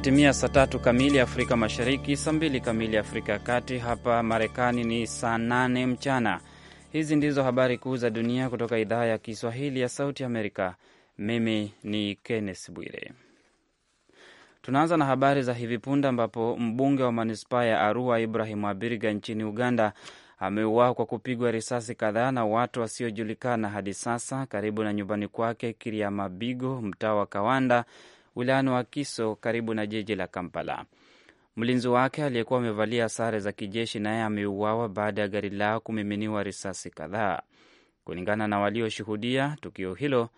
Imetimia saa tatu kamili Afrika Mashariki, saa mbili kamili Afrika ya Kati. Hapa Marekani ni saa nane mchana. Hizi ndizo habari kuu za dunia kutoka idhaa ya Kiswahili ya Sauti Amerika. Mimi ni Kenneth Bwire. Tunaanza na habari za hivi punde ambapo mbunge wa manispaa ya Arua Ibrahim Abiriga nchini Uganda ameuawa kwa kupigwa risasi kadhaa na watu wasiojulikana hadi sasa karibu na nyumbani kwake Kiriamabigo, mtaa wa Kawanda, wilayani wa kiso karibu na jiji la Kampala. Mlinzi wake aliyekuwa amevalia sare za kijeshi naye ameuawa baada ya gari lao kumiminiwa risasi kadhaa. Kulingana na walioshuhudia tukio hilo,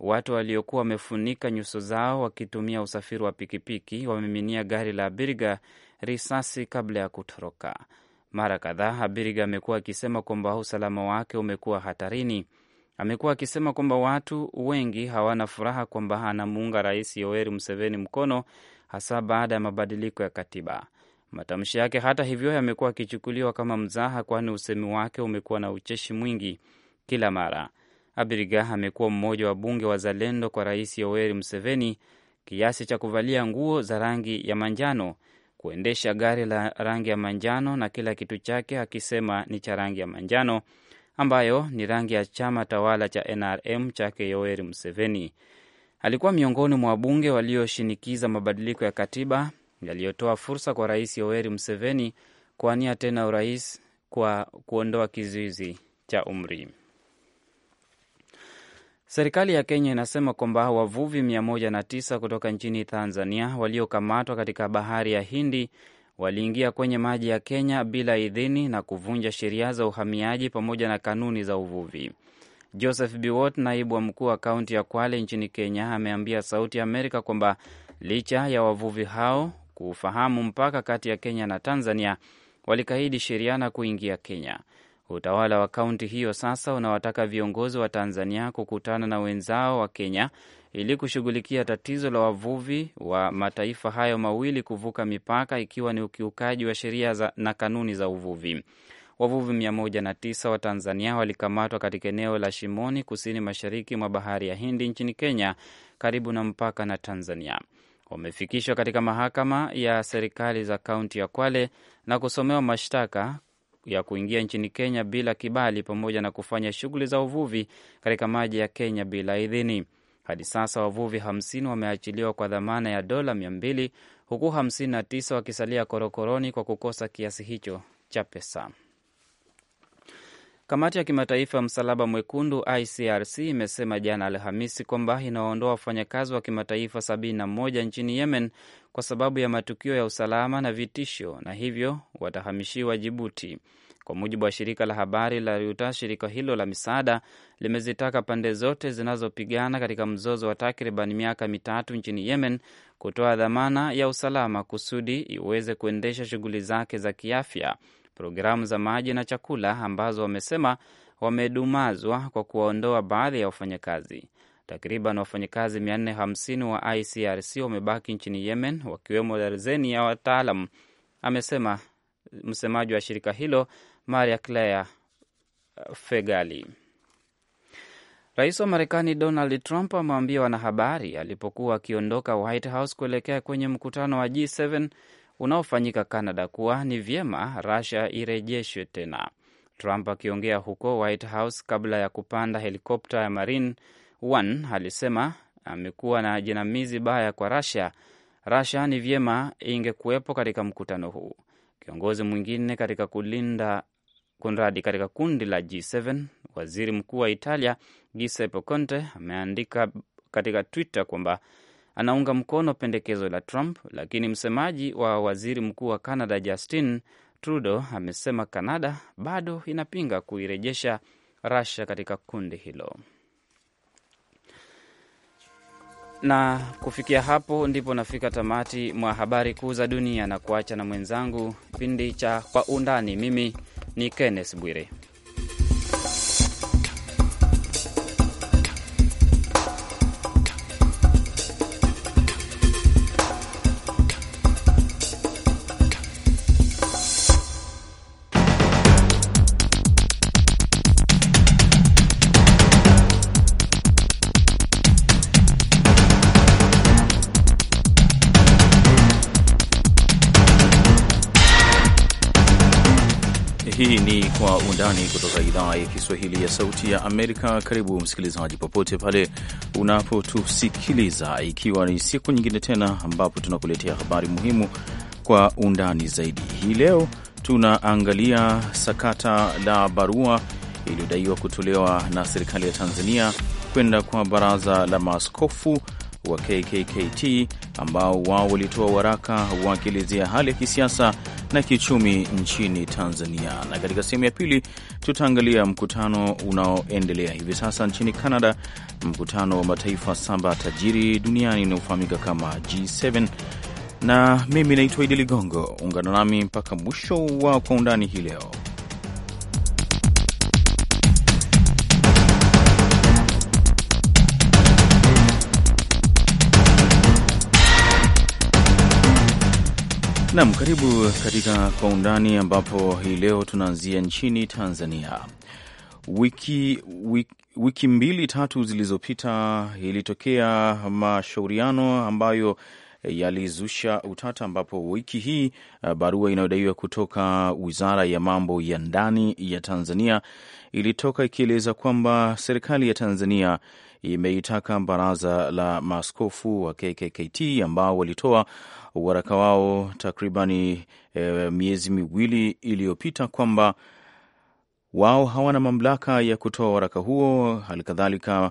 watu waliokuwa wamefunika nyuso zao wakitumia usafiri wa pikipiki wamiminia gari la Abiriga risasi kabla ya kutoroka. Mara kadhaa Abiriga amekuwa akisema kwamba usalama wake umekuwa hatarini amekuwa akisema kwamba watu wengi hawana furaha kwamba anamuunga Rais Yoweri Museveni mkono, hasa baada ya mabadiliko ya katiba. Matamshi yake hata hivyo yamekuwa akichukuliwa kama mzaha, kwani usemi wake umekuwa na ucheshi mwingi kila mara. Abiriga amekuwa mmoja wa bunge wa zalendo kwa Rais Yoweri Museveni kiasi cha kuvalia nguo za rangi ya manjano, kuendesha gari la rangi ya manjano na kila kitu chake akisema ni cha rangi ya manjano ambayo ni rangi ya chama tawala cha NRM chake Yoweri Museveni. Alikuwa miongoni mwa wabunge walioshinikiza mabadiliko ya katiba yaliyotoa fursa kwa Rais Yoweri Museveni kuania tena urais kwa kuondoa kizuizi cha umri. Serikali ya Kenya inasema kwamba wavuvi 109 kutoka nchini Tanzania waliokamatwa katika bahari ya Hindi waliingia kwenye maji ya Kenya bila idhini na kuvunja sheria za uhamiaji pamoja na kanuni za uvuvi. Joseph Biwot, naibu wa mkuu wa kaunti ya Kwale nchini Kenya, ameambia Sauti ya Amerika kwamba licha ya wavuvi hao kufahamu mpaka kati ya Kenya na Tanzania, walikaidi sheria na kuingia Kenya. Utawala wa kaunti hiyo sasa unawataka viongozi wa Tanzania kukutana na wenzao wa Kenya ili kushughulikia tatizo la wavuvi wa mataifa hayo mawili kuvuka mipaka ikiwa ni ukiukaji wa sheria na kanuni za uvuvi. Wavuvi 109 wa Tanzania walikamatwa katika eneo la Shimoni, kusini mashariki mwa bahari ya Hindi nchini Kenya, karibu na mpaka na Tanzania. Wamefikishwa katika mahakama ya serikali za kaunti ya Kwale na kusomewa mashtaka ya kuingia nchini Kenya bila kibali pamoja na kufanya shughuli za uvuvi katika maji ya Kenya bila idhini. Hadi sasa wavuvi 50 wameachiliwa kwa dhamana ya dola 200 huku 59 wakisalia korokoroni kwa kukosa kiasi hicho cha pesa. Kamati ya kimataifa ya Msalaba Mwekundu ICRC imesema jana Alhamisi kwamba inawaondoa wafanyakazi wa kimataifa 71 nchini Yemen kwa sababu ya matukio ya usalama na vitisho, na hivyo watahamishiwa Jibuti. Kwa mujibu wa shirika la habari la Reuters, shirika hilo la misaada limezitaka pande zote zinazopigana katika mzozo wa takriban miaka mitatu nchini Yemen kutoa dhamana ya usalama kusudi iweze kuendesha shughuli zake za kiafya, programu za maji na chakula ambazo wamesema wamedumazwa kwa kuwaondoa baadhi ya wafanyakazi. Takriban wafanyakazi 450 wa ICRC wamebaki nchini Yemen, wakiwemo darzeni ya wataalam, amesema msemaji wa shirika hilo Maria Claire eh, Fegali. Rais wa Marekani Donald Trump amewaambia wanahabari alipokuwa akiondoka White House kuelekea kwenye mkutano wa G7 unaofanyika Canada kuwa ni vyema Russia irejeshwe tena. Trump akiongea huko White House kabla ya kupanda helikopta ya Marine One alisema amekuwa na jinamizi baya kwa Russia. Russia ni vyema ingekuwepo katika mkutano huu. Kiongozi mwingine katika kulinda kunradi katika kundi la G7. Waziri mkuu wa Italia Giuseppe Conte ameandika katika Twitter kwamba anaunga mkono pendekezo la Trump, lakini msemaji wa waziri mkuu wa Canada Justin Trudeau amesema Canada bado inapinga kuirejesha Russia katika kundi hilo. Na kufikia hapo ndipo nafika tamati mwa habari kuu za dunia na kuacha na mwenzangu kipindi cha Kwa Undani. Mimi ni Kenneth Bwire. Undani kutoka idhaa ya Kiswahili ya Sauti ya Amerika. Karibu msikilizaji, popote pale unapotusikiliza, ikiwa ni siku nyingine tena ambapo tunakuletea habari muhimu kwa undani zaidi. Hii leo tunaangalia sakata la barua iliyodaiwa kutolewa na serikali ya Tanzania kwenda kwa baraza la maaskofu wa KKKT ambao wao walitoa waraka wakielezea hali ya kisiasa na kiuchumi nchini Tanzania. Na katika sehemu ya pili tutaangalia mkutano unaoendelea hivi sasa nchini Canada, mkutano wa mataifa saba tajiri duniani unaofahamika kama G7 na mimi naitwa Idi Ligongo. Ungana nami mpaka mwisho wa Kwa Undani hii leo. Nam, karibu katika Kwa Undani, ambapo hii leo tunaanzia nchini Tanzania. Wiki, wiki, wiki mbili tatu zilizopita ilitokea mashauriano ambayo yalizusha utata, ambapo wiki hii eh, barua inayodaiwa kutoka Wizara ya Mambo ya Ndani ya Tanzania ilitoka ikieleza kwamba serikali ya Tanzania imeitaka baraza la maskofu wa KKKT ambao walitoa waraka wao takribani e, miezi miwili iliyopita kwamba wao hawana mamlaka ya kutoa waraka huo. Halikadhalika,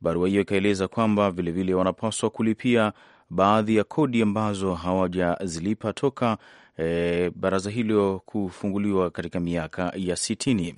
barua hiyo ikaeleza kwamba vilevile wanapaswa kulipia baadhi ya kodi ambazo hawajazilipa toka e, baraza hilo kufunguliwa katika miaka ya sitini.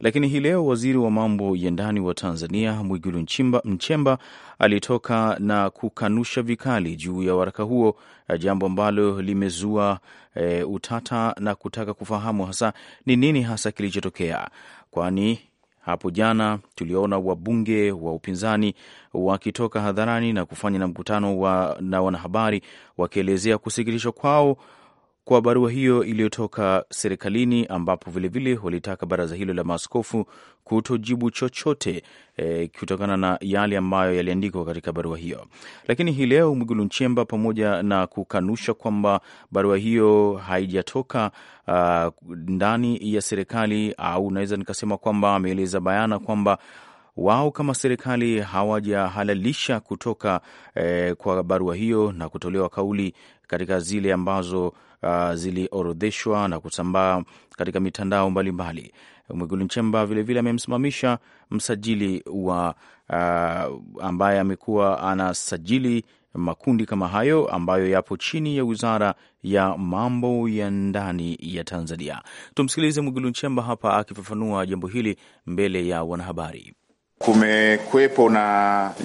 Lakini hii leo waziri wa mambo ya ndani wa Tanzania Mwigulu Nchemba alitoka na kukanusha vikali juu ya waraka huo, jambo ambalo limezua e, utata na kutaka kufahamu hasa ni nini hasa kilichotokea, kwani hapo jana tuliona wabunge wa upinzani wakitoka hadharani na kufanya na mkutano wa, na wanahabari wakielezea kusikitishwa kwao kwa barua hiyo iliyotoka serikalini, ambapo vilevile walitaka baraza hilo la maaskofu kutojibu chochote e, kutokana na yale ambayo yaliandikwa katika barua hiyo. Lakini hii leo Mwigulu Nchemba, pamoja na kukanusha kwamba barua hiyo haijatoka uh, ndani ya serikali au naweza nikasema kwamba ameeleza bayana kwamba wao kama serikali hawajahalalisha kutoka eh, kwa barua hiyo na kutolewa kauli katika zile ambazo uh, ziliorodheshwa na kusambaa katika mitandao mbalimbali. Mwigulu Nchemba vilevile amemsimamisha msajili wa uh, ambaye amekuwa anasajili makundi kama hayo ambayo yapo chini ya wizara ya mambo ya ndani ya Tanzania. Tumsikilize Mwigulu Nchemba hapa akifafanua jambo hili mbele ya wanahabari kumekwepo na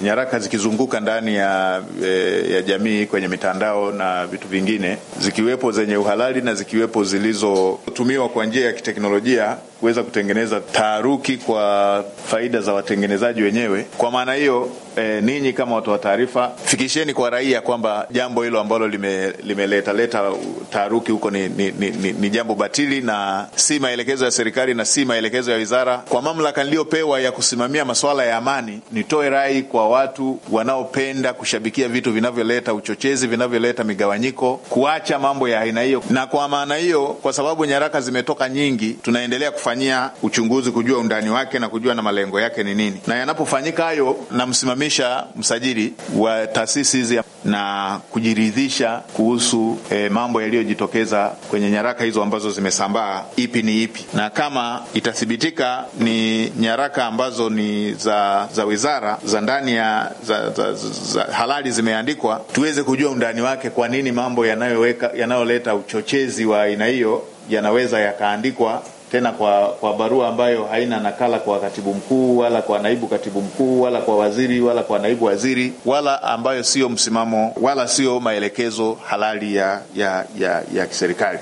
nyaraka zikizunguka ndani ya, e, ya jamii kwenye mitandao na vitu vingine, zikiwepo zenye uhalali na zikiwepo zilizotumiwa kwa njia ya kiteknolojia kuweza kutengeneza taharuki kwa faida za watengenezaji wenyewe. Kwa maana hiyo E, ninyi kama watu wa taarifa fikisheni kwa raia kwamba jambo hilo ambalo limeleta lime leta taharuki huko ni, ni, ni, ni jambo batili na si maelekezo ya serikali na si maelekezo ya wizara. Kwa mamlaka niliyopewa ya kusimamia masuala ya amani, nitoe rai kwa watu wanaopenda kushabikia vitu vinavyoleta uchochezi, vinavyoleta migawanyiko, kuacha mambo ya aina hiyo. Na kwa maana hiyo, kwa sababu nyaraka zimetoka nyingi, tunaendelea kufanya kufanyia uchunguzi kujua undani wake na kujua na malengo yake ni nini, na yanapofanyika hayo, namsimamisha msajili wa taasisi hizi na kujiridhisha kuhusu e, mambo yaliyojitokeza kwenye nyaraka hizo ambazo zimesambaa, ipi ni ipi, na kama itathibitika ni nyaraka ambazo ni za za wizara za ndani ya za, za, za, za halali zimeandikwa, tuweze kujua undani wake, kwa nini mambo yanayoweka yanayoleta uchochezi wa aina hiyo yanaweza yakaandikwa tena kwa kwa barua ambayo haina nakala kwa katibu mkuu wala kwa naibu katibu mkuu wala kwa waziri wala kwa naibu waziri wala ambayo sio msimamo wala sio maelekezo halali ya, ya, ya, ya kiserikali.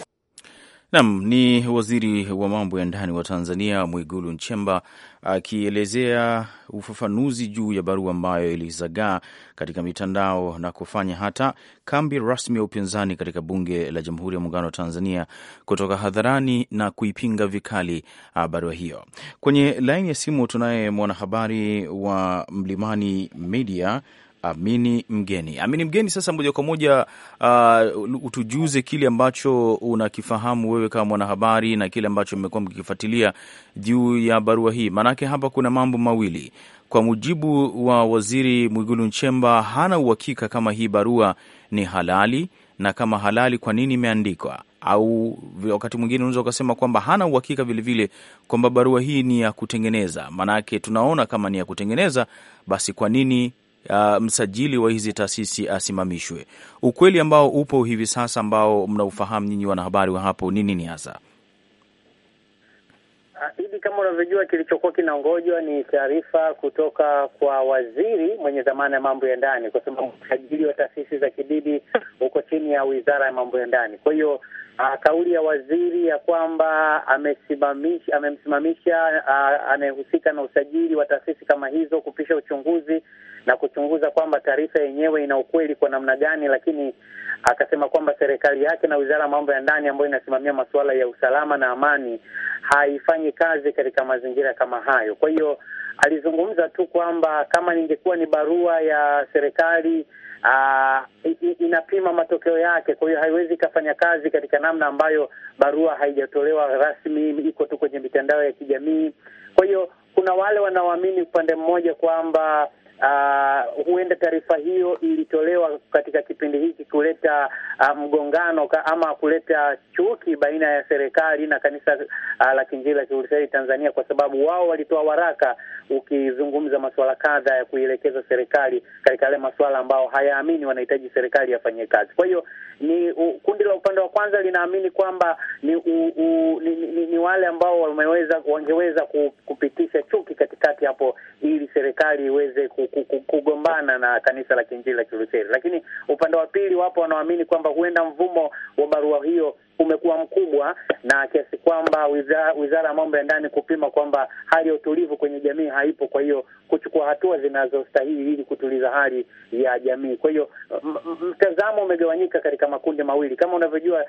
Naam, ni waziri wa mambo ya ndani wa Tanzania Mwigulu Nchemba akielezea ufafanuzi juu ya barua ambayo ilizagaa katika mitandao na kufanya hata kambi rasmi ya upinzani katika bunge la Jamhuri ya Muungano wa Tanzania kutoka hadharani na kuipinga vikali ah, barua hiyo. Kwenye laini ya simu tunaye mwanahabari wa Mlimani Media Amini Mgeni. Amini Mgeni, sasa moja kwa moja uh, utujuze kile ambacho unakifahamu wewe kama mwanahabari na kile ambacho mmekuwa mkikifuatilia juu ya barua hii, maanake hapa kuna mambo mawili. Kwa mujibu wa Waziri Mwigulu Nchemba, hana uhakika kama hii barua ni halali, na kama halali, kwa nini imeandikwa? Au wakati mwingine unaweza ukasema kwamba hana uhakika vilevile kwamba barua hii ni ya kutengeneza, maanake tunaona kama ni ya kutengeneza, basi kwa nini uh, msajili wa hizi taasisi asimamishwe. Ukweli ambao upo hivi sasa ambao mnaufahamu nyinyi wanahabari wa hapo ni nini hasa? Ah, hivi kama unavyojua, kilichokuwa kinaongojwa ni taarifa kutoka kwa waziri mwenye dhamana ya mambo ya ndani, kwa sababu usajili wa taasisi za kidini uko chini ya wizara ya mambo ya ndani. Kwa hiyo uh, kauli ya waziri ya kwamba amesimamisha amemsimamisha uh, anayehusika na usajili wa taasisi kama hizo kupisha uchunguzi na kuchunguza kwamba taarifa yenyewe ina ukweli kwa namna gani, lakini akasema kwamba serikali yake na wizara ya mambo ya ndani ambayo inasimamia masuala ya usalama na amani haifanyi kazi katika mazingira kama hayo. Kwa hiyo alizungumza tu kwamba kama ningekuwa ni barua ya serikali Uh, inapima matokeo yake, kwa hiyo haiwezi ikafanya kazi katika namna ambayo barua haijatolewa rasmi, iko tu kwenye mitandao ya kijamii. Kwa hiyo kuna wale wanaoamini upande mmoja kwamba uh, huenda taarifa hiyo ilitolewa katika kipindi hiki kuleta uh, mgongano ama kuleta chuki baina ya serikali na kanisa uh, la Kiinjili la Kilutheri Tanzania, kwa sababu wao walitoa waraka ukizungumza masuala kadha ya kuielekeza serikali katika yale masuala ambao hayaamini wanahitaji serikali yafanye kazi. Kwa hiyo ni kundi la upande wa kwanza linaamini kwamba ni, uh, u, ni, ni, ni wale ambao wameweza wangeweza kupitisha chuki katikati hapo ili serikali iweze ku kugombana na kanisa la Kiinjili la Kilutheri. Lakini upande wa pili, wapo wanaoamini kwamba huenda mvumo wa barua hiyo umekuwa mkubwa na kiasi kwamba wizara ya mambo ya ndani kupima kwamba hali ya utulivu kwenye jamii haipo, kwa hiyo kuchukua hatua zinazostahili ili kutuliza hali ya jamii. Kwa hiyo mtazamo umegawanyika katika makundi mawili. Kama unavyojua,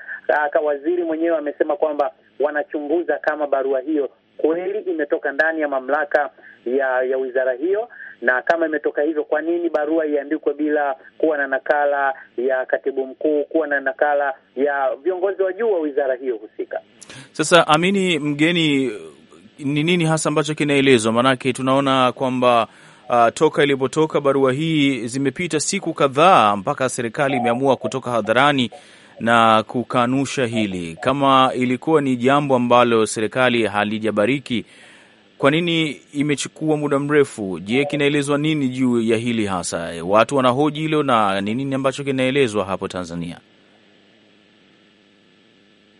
waziri mwenyewe amesema kwamba wanachunguza kama barua hiyo kweli imetoka ndani ya mamlaka ya ya wizara hiyo, na kama imetoka hivyo, kwa nini barua iandikwe bila kuwa na nakala ya katibu mkuu, kuwa na nakala ya viongozi wa juu wa wizara hiyo husika? Sasa Amini Mgeni, ni nini hasa ambacho kinaelezwa? Maanake tunaona kwamba Uh, toka ilipotoka barua hii zimepita siku kadhaa mpaka serikali imeamua kutoka hadharani na kukanusha hili. Kama ilikuwa ni jambo ambalo serikali halijabariki, kwa nini imechukua muda mrefu? Je, kinaelezwa nini juu ya hili hasa? Watu wanahoji hilo na ni nini ambacho kinaelezwa hapo Tanzania?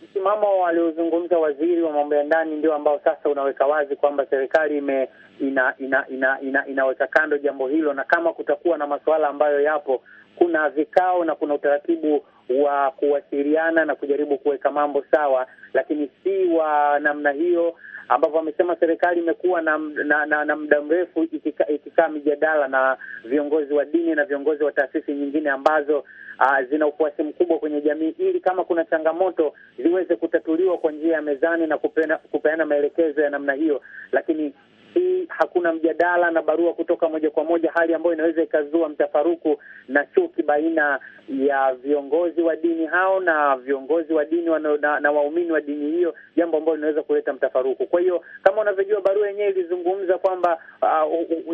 Msimamo aliozungumza waziri wa mambo ya ndani ndio ambao sasa unaweka wazi kwamba serikali ime- ina ina ina, ina inaweka kando jambo hilo, na kama kutakuwa na masuala ambayo yapo, kuna vikao na kuna utaratibu wa kuwasiliana na kujaribu kuweka mambo sawa, lakini si wa namna hiyo ambapo amesema serikali imekuwa na, na, na, na muda mrefu ikikaa ikika mijadala na viongozi wa dini na viongozi wa taasisi nyingine ambazo uh, zina ufuasi mkubwa kwenye jamii, ili kama kuna changamoto ziweze kutatuliwa kwa njia ya mezani na kupeana, kupeana maelekezo ya namna hiyo, lakini si hakuna mjadala na barua kutoka moja kwa moja, hali ambayo inaweza ikazua mtafaruku na chuki baina ya viongozi wa dini hao na viongozi wa dini wa na, na na waumini wa dini hiyo, jambo ambalo linaweza kuleta mtafaruku. Kwa hiyo kama unavyojua, barua yenyewe ilizungumza kwamba uh,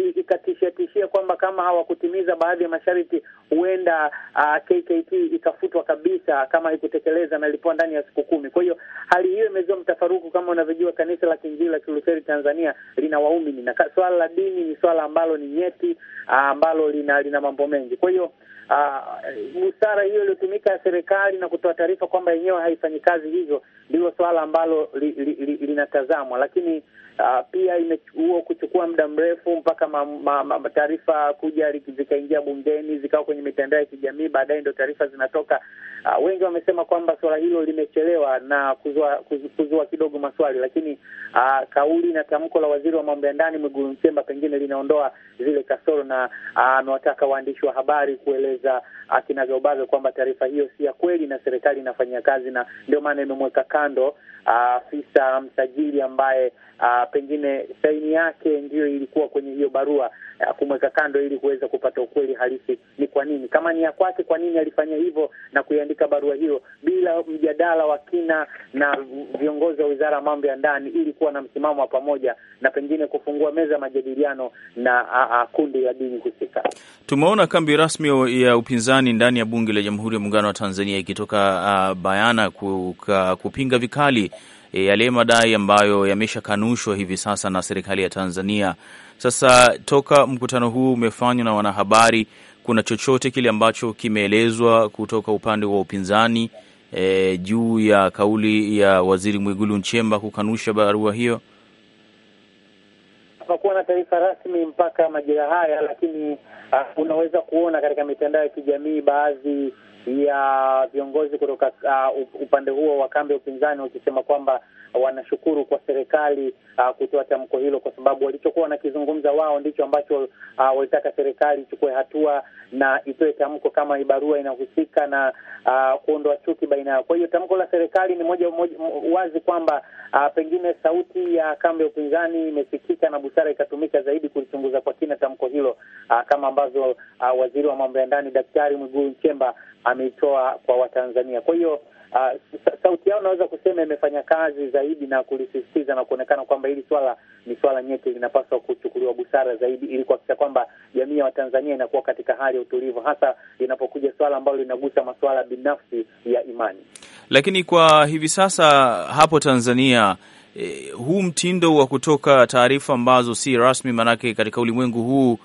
tishia kwamba kama hawakutimiza baadhi ya masharti huenda uh, KKT ikafutwa kabisa kama haikutekeleza na ilipoa ndani ya siku kumi. Kwa hiyo hali hiyo imezua mtafaruku, kama unavyojua, kanisa la Kiinjili la Kilutheri Tanzania lina waumini, na swala la dini ni swala ambalo ni nyeti, ah, ambalo lina lina mambo mengi. Kwa hiyo ah, busara hiyo iliyotumika ya serikali na kutoa taarifa kwamba yenyewe haifanyi kazi hivyo, ndilo swala ambalo linatazamwa li, li, li, lakini Uh, pia imechukua kuchukua muda mrefu mpaka ma, ma, ma, taarifa kuja zikaingia bungeni zikawa kwenye mitandao ya kijamii, baadaye ndio taarifa zinatoka. Uh, wengi wamesema kwamba suala hilo limechelewa na kuzua, kuzua, kuzua kidogo maswali, lakini uh, kauli na tamko la waziri wa mambo ya ndani Mwigulu Nchemba pengine linaondoa zile kasoro, na amewataka uh, waandishi wa habari kueleza uh, kinagaubaga kwamba taarifa hiyo si ya kweli na serikali inafanyia kazi, na ndio maana imemweka kando afisa uh, msajili ambaye uh, pengine saini yake ndiyo ilikuwa kwenye hiyo barua ya eh, kumweka kando, ili kuweza kupata ukweli halisi ni kwa nini, kama ni ya kwake, kwa nini alifanya hivyo na kuiandika barua hiyo bila mjadala wa kina na viongozi wa wizara ya mambo ya ndani, ili kuwa na msimamo wa pamoja na pengine kufungua meza ya majadiliano na a, a, kundi la dini husika. Tumeona kambi rasmi ya upinzani ndani ya bunge la Jamhuri ya Muungano wa Tanzania ikitoka a, bayana kuka, kupinga vikali e, yale madai ambayo yameshakanushwa hivi sasa na serikali ya Tanzania. Sasa toka mkutano huu umefanywa na wanahabari, kuna chochote kile ambacho kimeelezwa kutoka upande wa upinzani e, juu ya kauli ya Waziri Mwigulu Nchemba kukanusha barua hiyo? Hapakuwa na taarifa rasmi mpaka majira haya, lakini uh, unaweza kuona katika mitandao ya kijamii baadhi ya viongozi kutoka uh, upande huo wa kambi ya upinzani wakisema kwamba wanashukuru kwa serikali uh, kutoa tamko hilo, kwa sababu walichokuwa wanakizungumza wao ndicho ambacho uh, walitaka serikali ichukue hatua na itoe tamko kama hii barua inahusika na uh, kuondoa chuki baina yao. Kwa hiyo tamko la serikali ni moja moja wazi kwamba uh, pengine sauti ya uh, kambi ya upinzani imesikika na busara ikatumika zaidi kulichunguza kwa kina tamko hilo uh, kama ambavyo uh, waziri wa mambo ya ndani Daktari Mwigulu Nchemba ameitoa kwa Watanzania. Kwa hiyo uh, sauti yao naweza kusema imefanya kazi zaidi na kulisisitiza na kuonekana kwamba hili swala ni swala nyeti, linapaswa kuchukuliwa busara zaidi, ili kuhakikisha kwamba jamii ya Watanzania inakuwa katika hali ya utulivu, hasa inapokuja swala ambalo linagusa masuala binafsi ya imani. Lakini kwa hivi sasa hapo Tanzania eh, huu mtindo wa kutoka taarifa ambazo si rasmi, maanake katika ulimwengu huu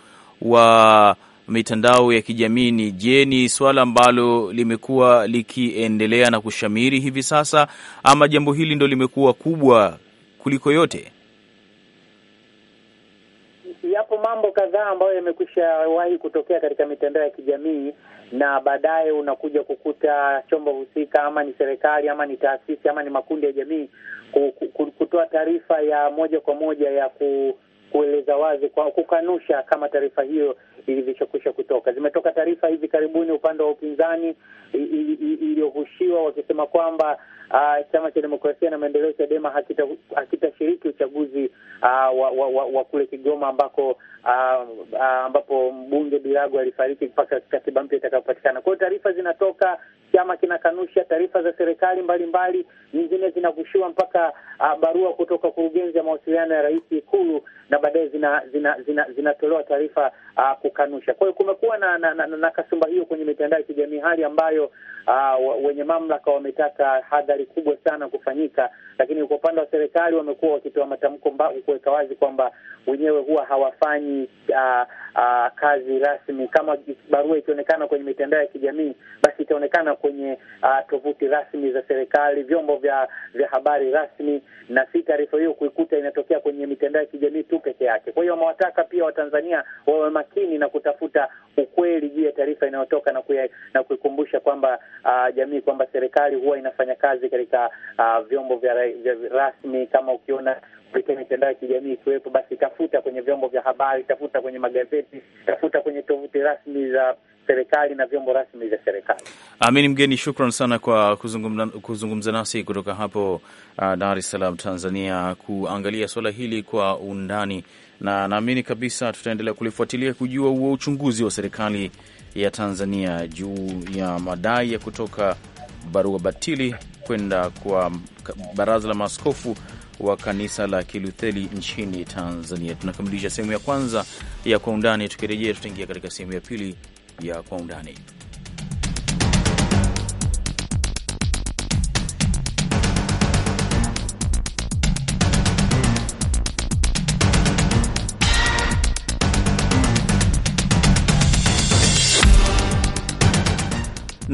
wa mitandao ya kijamii ni je, ni swala ambalo limekuwa likiendelea na kushamiri hivi sasa, ama jambo hili ndo limekuwa kubwa kuliko yote? Yapo mambo kadhaa ambayo yamekwisha wahi kutokea katika mitandao ya kijamii na baadaye unakuja kukuta chombo husika, ama ni serikali, ama ni taasisi, ama ni makundi ya jamii kutoa taarifa ya moja kwa moja ya ku kueleza wazi kwa kukanusha kama taarifa hiyo ilivyokwisha kutoka. Zimetoka taarifa hivi karibuni upande wa upinzani iliyohushiwa wakisema kwamba uh, chama cha demokrasia na maendeleo Chadema hakitashiriki uchaguzi uh, wa, wa, wa, wa kule Kigoma ambako uh, uh, ambapo mbunge Birago alifariki mpaka katiba mpya itakayopatikana. Kwa hiyo taarifa zinatoka, chama kinakanusha taarifa za serikali mbalimbali, nyingine zinagushiwa mpaka uh, barua kutoka kurugenzi ya mawasiliano ya rais Ikulu, na baadaye zinatolewa zina, zina, zina taarifa uh, kukanusha. Kwa hiyo kumekuwa na, na, na, na kasumba hiyo kwenye mitandao ya kijamii, hali ambayo uh, wenye mamlaka wametaka hadhari safari kubwa sana kufanyika, lakini kwa upande wa serikali wamekuwa wakitoa matamko mbavu kuweka wazi kwamba wenyewe huwa hawafanyi uh, uh, kazi rasmi. Kama barua ikionekana kwenye mitandao ya kijamii, basi itaonekana kwenye uh, tovuti rasmi za serikali, vyombo vya vya habari rasmi, na si taarifa hiyo kuikuta inatokea kwenye mitandao ya kijamii tu peke yake. Kwa hiyo wamewataka pia Watanzania wawe makini na kutafuta ukweli juu ya taarifa inayotoka na kuikumbusha kwamba uh, jamii kwamba serikali huwa inafanya kazi kazi katika uh, vyombo vya, vya rasmi. Kama ukiona kupitia mitandao ya kijamii ikiwepo, basi tafuta kwenye vyombo vya habari, tafuta kwenye magazeti, tafuta kwenye tovuti rasmi za serikali na vyombo rasmi vya serikali. Amini ah, Mgeni, shukran sana kwa kuzungumza, kuzungumza nasi kutoka hapo uh, Dar es Salaam, Tanzania, kuangalia suala hili kwa undani, na naamini kabisa tutaendelea kulifuatilia kujua huo uchunguzi wa serikali ya Tanzania juu ya madai ya kutoka barua batili kwenda kwa baraza la maaskofu wa kanisa la Kilutheli nchini Tanzania. Tunakamilisha sehemu ya kwanza ya Kwa Undani. Tukirejea tutaingia katika sehemu ya pili ya Kwa Undani.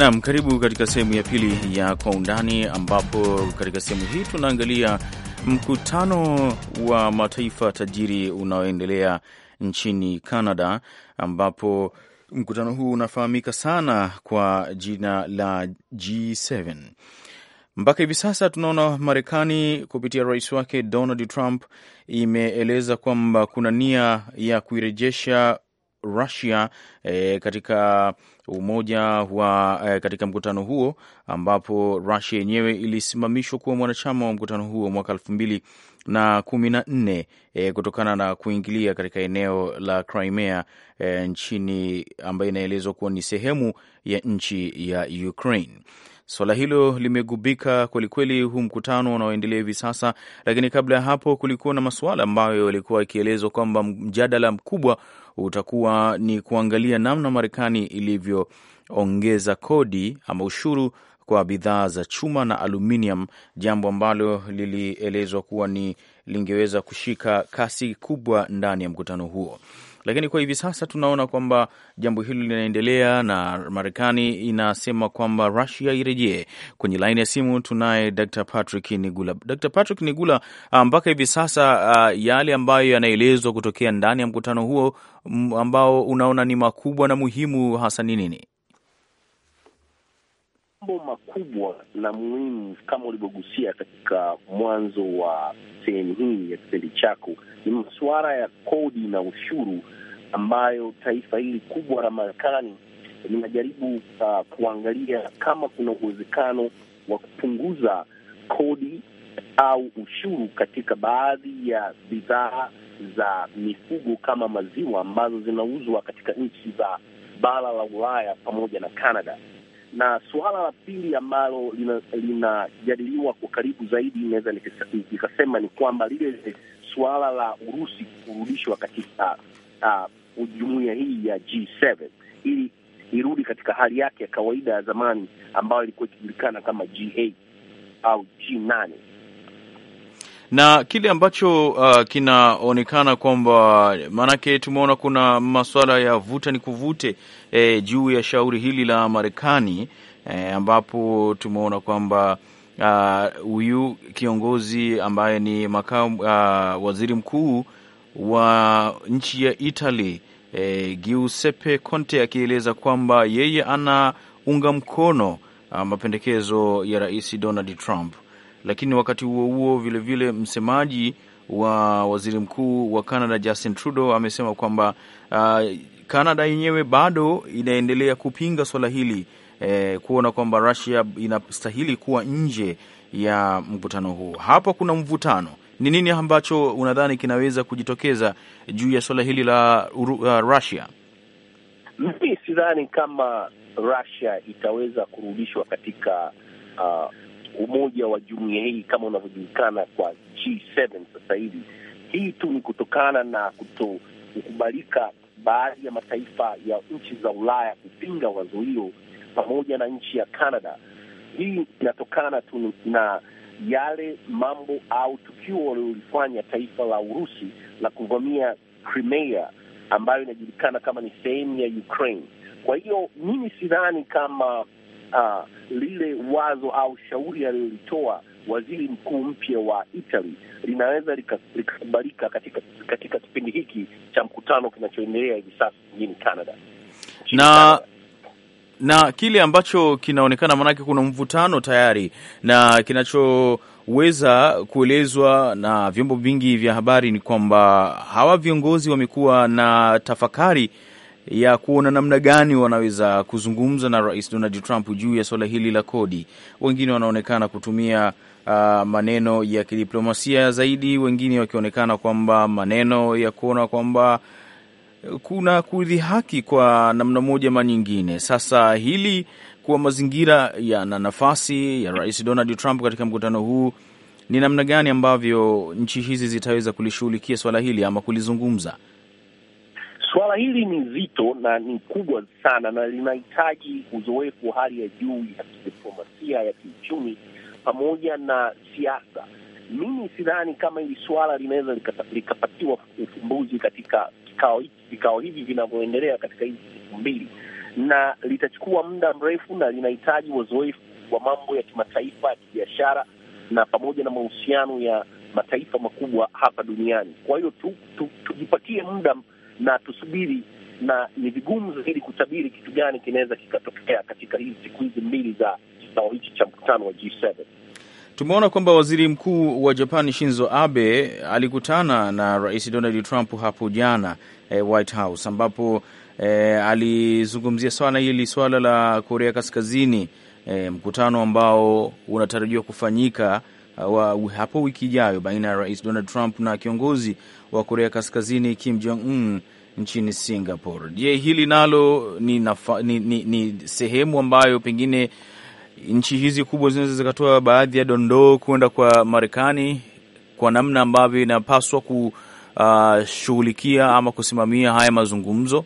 Naam, karibu katika sehemu ya pili ya Kwa Undani, ambapo katika sehemu hii tunaangalia mkutano wa mataifa tajiri unaoendelea nchini Canada, ambapo mkutano huu unafahamika sana kwa jina la G7. Mpaka hivi sasa tunaona Marekani kupitia rais wake Donald Trump imeeleza kwamba kuna nia ya kuirejesha Russia e, katika umoja wa e, katika mkutano huo ambapo Russia yenyewe ilisimamishwa kuwa mwanachama wa mkutano huo mwaka elfu mbili na kumi na nne e, kutokana na kuingilia katika eneo la Crimea e, nchini ambayo inaelezwa kuwa ni sehemu ya nchi ya Ukraine. Swala hilo limegubika kwelikweli huu mkutano unaoendelea hivi sasa, lakini kabla ya hapo kulikuwa na masuala ambayo yalikuwa yakielezwa kwamba mjadala mkubwa utakuwa ni kuangalia namna Marekani ilivyoongeza kodi ama ushuru kwa bidhaa za chuma na aluminium, jambo ambalo lilielezwa kuwa ni lingeweza kushika kasi kubwa ndani ya mkutano huo lakini kwa hivi sasa tunaona kwamba jambo hilo linaendelea na Marekani inasema kwamba Russia irejee. Kwenye laini ya simu tunaye Dr. Patrick Nigula. Dr. Patrick Nigula, ah, mpaka hivi sasa ah, yale ambayo yanaelezwa kutokea ndani ya mkutano huo ambao unaona ni makubwa na muhimu hasa ni nini? mambo makubwa na muhimu kama ulivyogusia katika mwanzo wa sehemu hii ya kipindi chako ni masuala ya kodi na ushuru ambayo taifa hili kubwa la Marekani linajaribu uh, kuangalia kama kuna uwezekano wa kupunguza kodi au ushuru katika baadhi ya bidhaa za mifugo kama maziwa ambazo zinauzwa katika nchi za bara la Ulaya pamoja na Canada. Na suala la pili ambalo linajadiliwa lina kwa karibu zaidi, inaweza nikasema ni kwamba lile suala la Urusi kurudishwa katika uh, jumuiya hii ya G7 ili irudi katika hali yake ya kawaida ya zamani ambayo ilikuwa ikijulikana kama G8 au g na kile ambacho uh, kinaonekana kwamba maanake, tumeona kuna masuala ya vuta ni kuvute e, juu ya shauri hili la Marekani e, ambapo tumeona kwamba uh, huyu uh, kiongozi ambaye ni makamu uh, waziri mkuu wa nchi ya Italy e, Giuseppe Conte akieleza kwamba yeye anaunga mkono uh, mapendekezo ya Rais Donald Trump lakini wakati huo huo vilevile msemaji wa waziri mkuu wa Canada Justin Trudeau amesema kwamba uh, Canada yenyewe bado inaendelea kupinga swala hili eh, kuona kwamba Russia inastahili kuwa nje ya mkutano huu. Hapa kuna mvutano. Ni nini ambacho unadhani kinaweza kujitokeza juu ya swala hili la uh, Russia? Mimi sidhani kama Russia itaweza kurudishwa katika uh, umoja wa jumuiya hii kama unavyojulikana kwa G7 sasa hivi. Hii tu ni kutokana na kutokukubalika baadhi ya mataifa ya nchi za Ulaya kupinga wazo hilo pamoja na nchi ya Canada. Hii inatokana tu na yale mambo au tukio waliolifanya taifa la Urusi la kuvamia Crimea ambayo inajulikana kama ni sehemu ya Ukraine. Kwa hiyo mimi sidhani kama uh, lile wazo au shauri aliyolitoa waziri mkuu mpya wa Italy linaweza likakubalika katika katika kipindi hiki cha mkutano kinachoendelea hivi sasa mjini Canada na na kile ambacho kinaonekana, maanake kuna mvutano tayari, na kinachoweza kuelezwa na vyombo vingi vya habari ni kwamba hawa viongozi wamekuwa na tafakari ya kuona namna gani wanaweza kuzungumza na Rais Donald Trump juu ya suala hili la kodi. Wengine wanaonekana kutumia uh, maneno ya kidiplomasia zaidi, wengine wakionekana kwamba maneno ya kuona kwamba kuna kudhi haki kwa namna moja ama nyingine. Sasa hili kuwa mazingira yana nafasi ya Rais Donald Trump katika mkutano huu ni namna gani ambavyo nchi hizi zitaweza kulishughulikia swala hili ama kulizungumza? Suala hili ni zito na ni kubwa sana, na linahitaji uzoefu wa hali ya juu ya kidiplomasia, ya kiuchumi pamoja na siasa. Mimi sidhani kama hili suala linaweza likapatiwa ufumbuzi katika kikao hiki, vikao hivi vinavyoendelea katika hizi siku mbili, na litachukua muda mrefu na linahitaji wazoefu wa mambo ya kimataifa ya kibiashara na pamoja na mahusiano ya mataifa makubwa hapa duniani. Kwa hiyo tu, tu, tujipatie muda na tusubiri, na ni vigumu zaidi kutabiri kitu gani kinaweza kikatokea katika hizi siku hizi mbili za kikao hichi cha mkutano wa G7. Tumeona kwamba waziri mkuu wa Japan Shinzo Abe alikutana na rais Donald Trump hapo jana eh, White House ambapo eh, alizungumzia sana hili swala la Korea Kaskazini eh, mkutano ambao unatarajiwa kufanyika Uh, wa hapo wiki ijayo baina ya Rais Donald Trump na kiongozi wa Korea Kaskazini Kim Jong Un nchini Singapore. Je, hili nalo ni, nafa, ni, ni, ni sehemu ambayo pengine nchi hizi kubwa zinaweza zikatoa baadhi ya dondoo kwenda kwa Marekani kwa namna ambavyo inapaswa kushughulikia uh, ama kusimamia haya mazungumzo?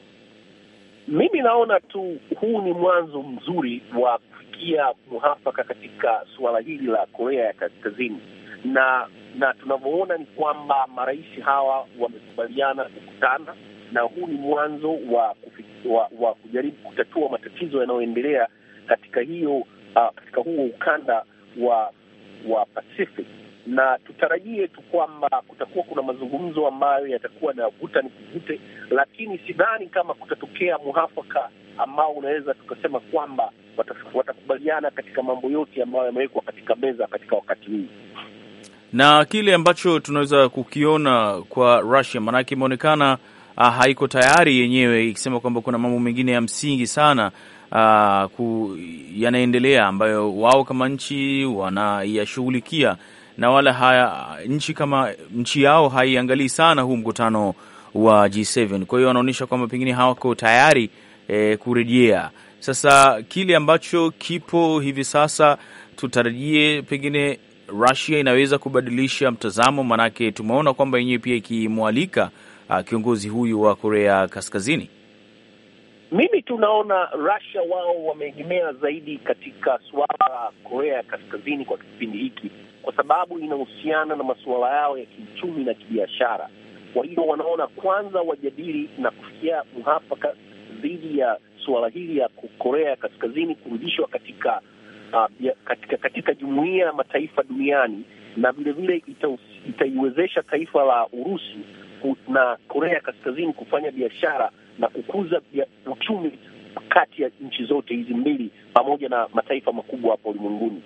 Mimi naona tu huu ni mwanzo mzuri wa kufikia muhafaka katika suala hili la Korea ya Kaskazini, na na tunavyoona ni kwamba marais hawa wamekubaliana kukutana, na huu ni mwanzo wa, wa, wa kujaribu kutatua matatizo yanayoendelea katika hiyo uh, katika huo ukanda wa wa Pacific na tutarajie tu kwamba kutakuwa kuna mazungumzo ambayo yatakuwa na vuta ni kuvute, lakini sidhani kama kutatokea muafaka ambao unaweza tukasema kwamba watakubaliana katika mambo yote ambayo yamewekwa katika meza katika wakati huu na kile ambacho tunaweza kukiona kwa Russia, maanake imeonekana uh, haiko tayari yenyewe, ikisema kwamba kuna mambo mengine ya msingi sana uh, ku, yanaendelea ambayo wao kama nchi wanayashughulikia na wala haya, nchi kama nchi yao haiangalii sana huu mkutano wa G7. Kwa hiyo wanaonyesha kwamba pengine hawako tayari e, kurejea. Sasa kile ambacho kipo hivi sasa, tutarajie pengine Russia inaweza kubadilisha mtazamo, maanake tumeona kwamba yenyewe pia ikimwalika ah, kiongozi huyu wa Korea Kaskazini. Mimi tunaona Russia wao wameegemea zaidi katika suala la Korea ya Kaskazini kwa kipindi hiki, kwa sababu inahusiana na masuala yao ya kiuchumi na kibiashara. Kwa hiyo wanaona kwanza wajadili na kufikia muafaka dhidi ya suala hili ya Korea ya Kaskazini kurudishwa katika, uh, katika katika jumuiya ya mataifa duniani na vilevile itaiwezesha taifa la Urusi na Korea ya Kaskazini kufanya biashara na kukuza uchumi kati ya nchi zote hizi mbili pamoja na mataifa makubwa hapa ulimwenguni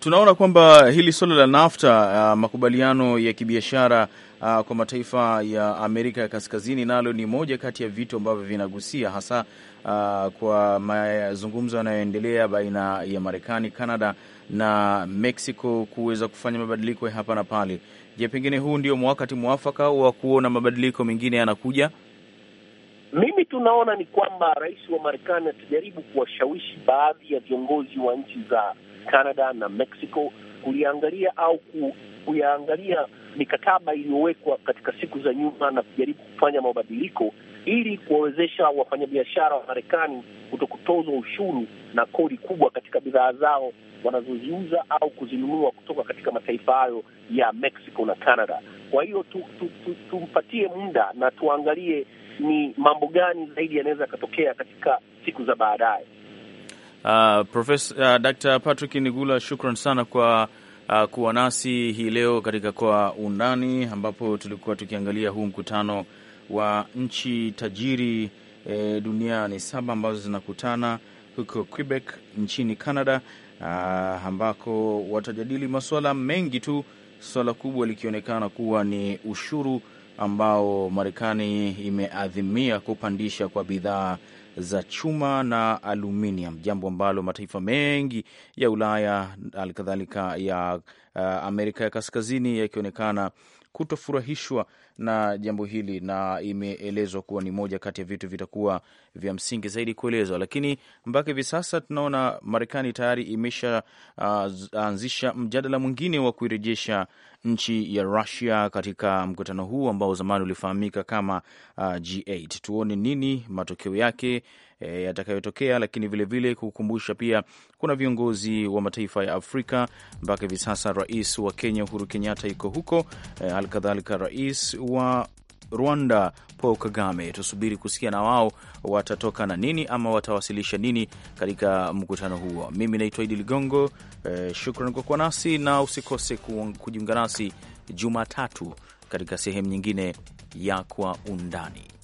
tunaona kwamba hili suala la NAFTA, uh, makubaliano ya kibiashara uh, kwa mataifa ya Amerika ya Kaskazini, nalo ni moja kati ya vitu ambavyo vinagusia hasa uh, kwa mazungumzo yanayoendelea baina ya Marekani, Kanada na Mexico kuweza kufanya mabadiliko ya hapa na pale. Je, pengine huu ndio wakati mwafaka wa kuona mabadiliko mengine yanakuja? Mimi tunaona ni kwamba rais wa Marekani atajaribu kuwashawishi baadhi ya viongozi wa nchi za Canada na Mexico kuliangalia au ku, kuyaangalia mikataba iliyowekwa katika siku za nyuma na kujaribu kufanya mabadiliko ili kuwawezesha wafanyabiashara wa Marekani kutokutozwa ushuru na kodi kubwa katika bidhaa zao wanazoziuza au kuzinunua kutoka katika mataifa hayo ya Mexico na Canada. Kwa hiyo tumpatie tu, tu, tu muda na tuangalie ni mambo gani zaidi yanaweza yakatokea katika siku za baadaye. Uh, uh, Dr. Patrick Nigula, shukran sana kwa uh, kuwa nasi hii leo katika Kwa Undani, ambapo tulikuwa tukiangalia huu mkutano wa nchi tajiri eh, duniani saba ambazo zinakutana huko Quebec nchini Canada, uh, ambako watajadili masuala mengi tu, suala kubwa likionekana kuwa ni ushuru ambao Marekani imeadhimia kupandisha kwa bidhaa za chuma na aluminium, jambo ambalo mataifa mengi ya Ulaya halikadhalika ya uh, Amerika ya Kaskazini yakionekana kutofurahishwa na jambo hili, na imeelezwa kuwa ni moja kati ya vitu vitakuwa vya msingi zaidi kuelezwa. Lakini mpaka hivi sasa tunaona Marekani tayari imeshaanzisha uh, mjadala mwingine wa kuirejesha nchi ya rusia katika mkutano huu ambao zamani ulifahamika kama uh, G8. Tuone nini matokeo yake e, yatakayotokea, lakini vilevile kukumbusha pia kuna viongozi wa mataifa ya Afrika. Mpaka hivi sasa rais wa Kenya Uhuru Kenyatta iko huko, e, halikadhalika rais wa Rwanda Paul Kagame. Tusubiri kusikia na wao watatoka na nini ama watawasilisha nini katika mkutano huo. Mimi naitwa Idi Ligongo, eh, shukran kwa kuwa nasi na usikose kujiunga nasi Jumatatu katika sehemu nyingine ya Kwa Undani.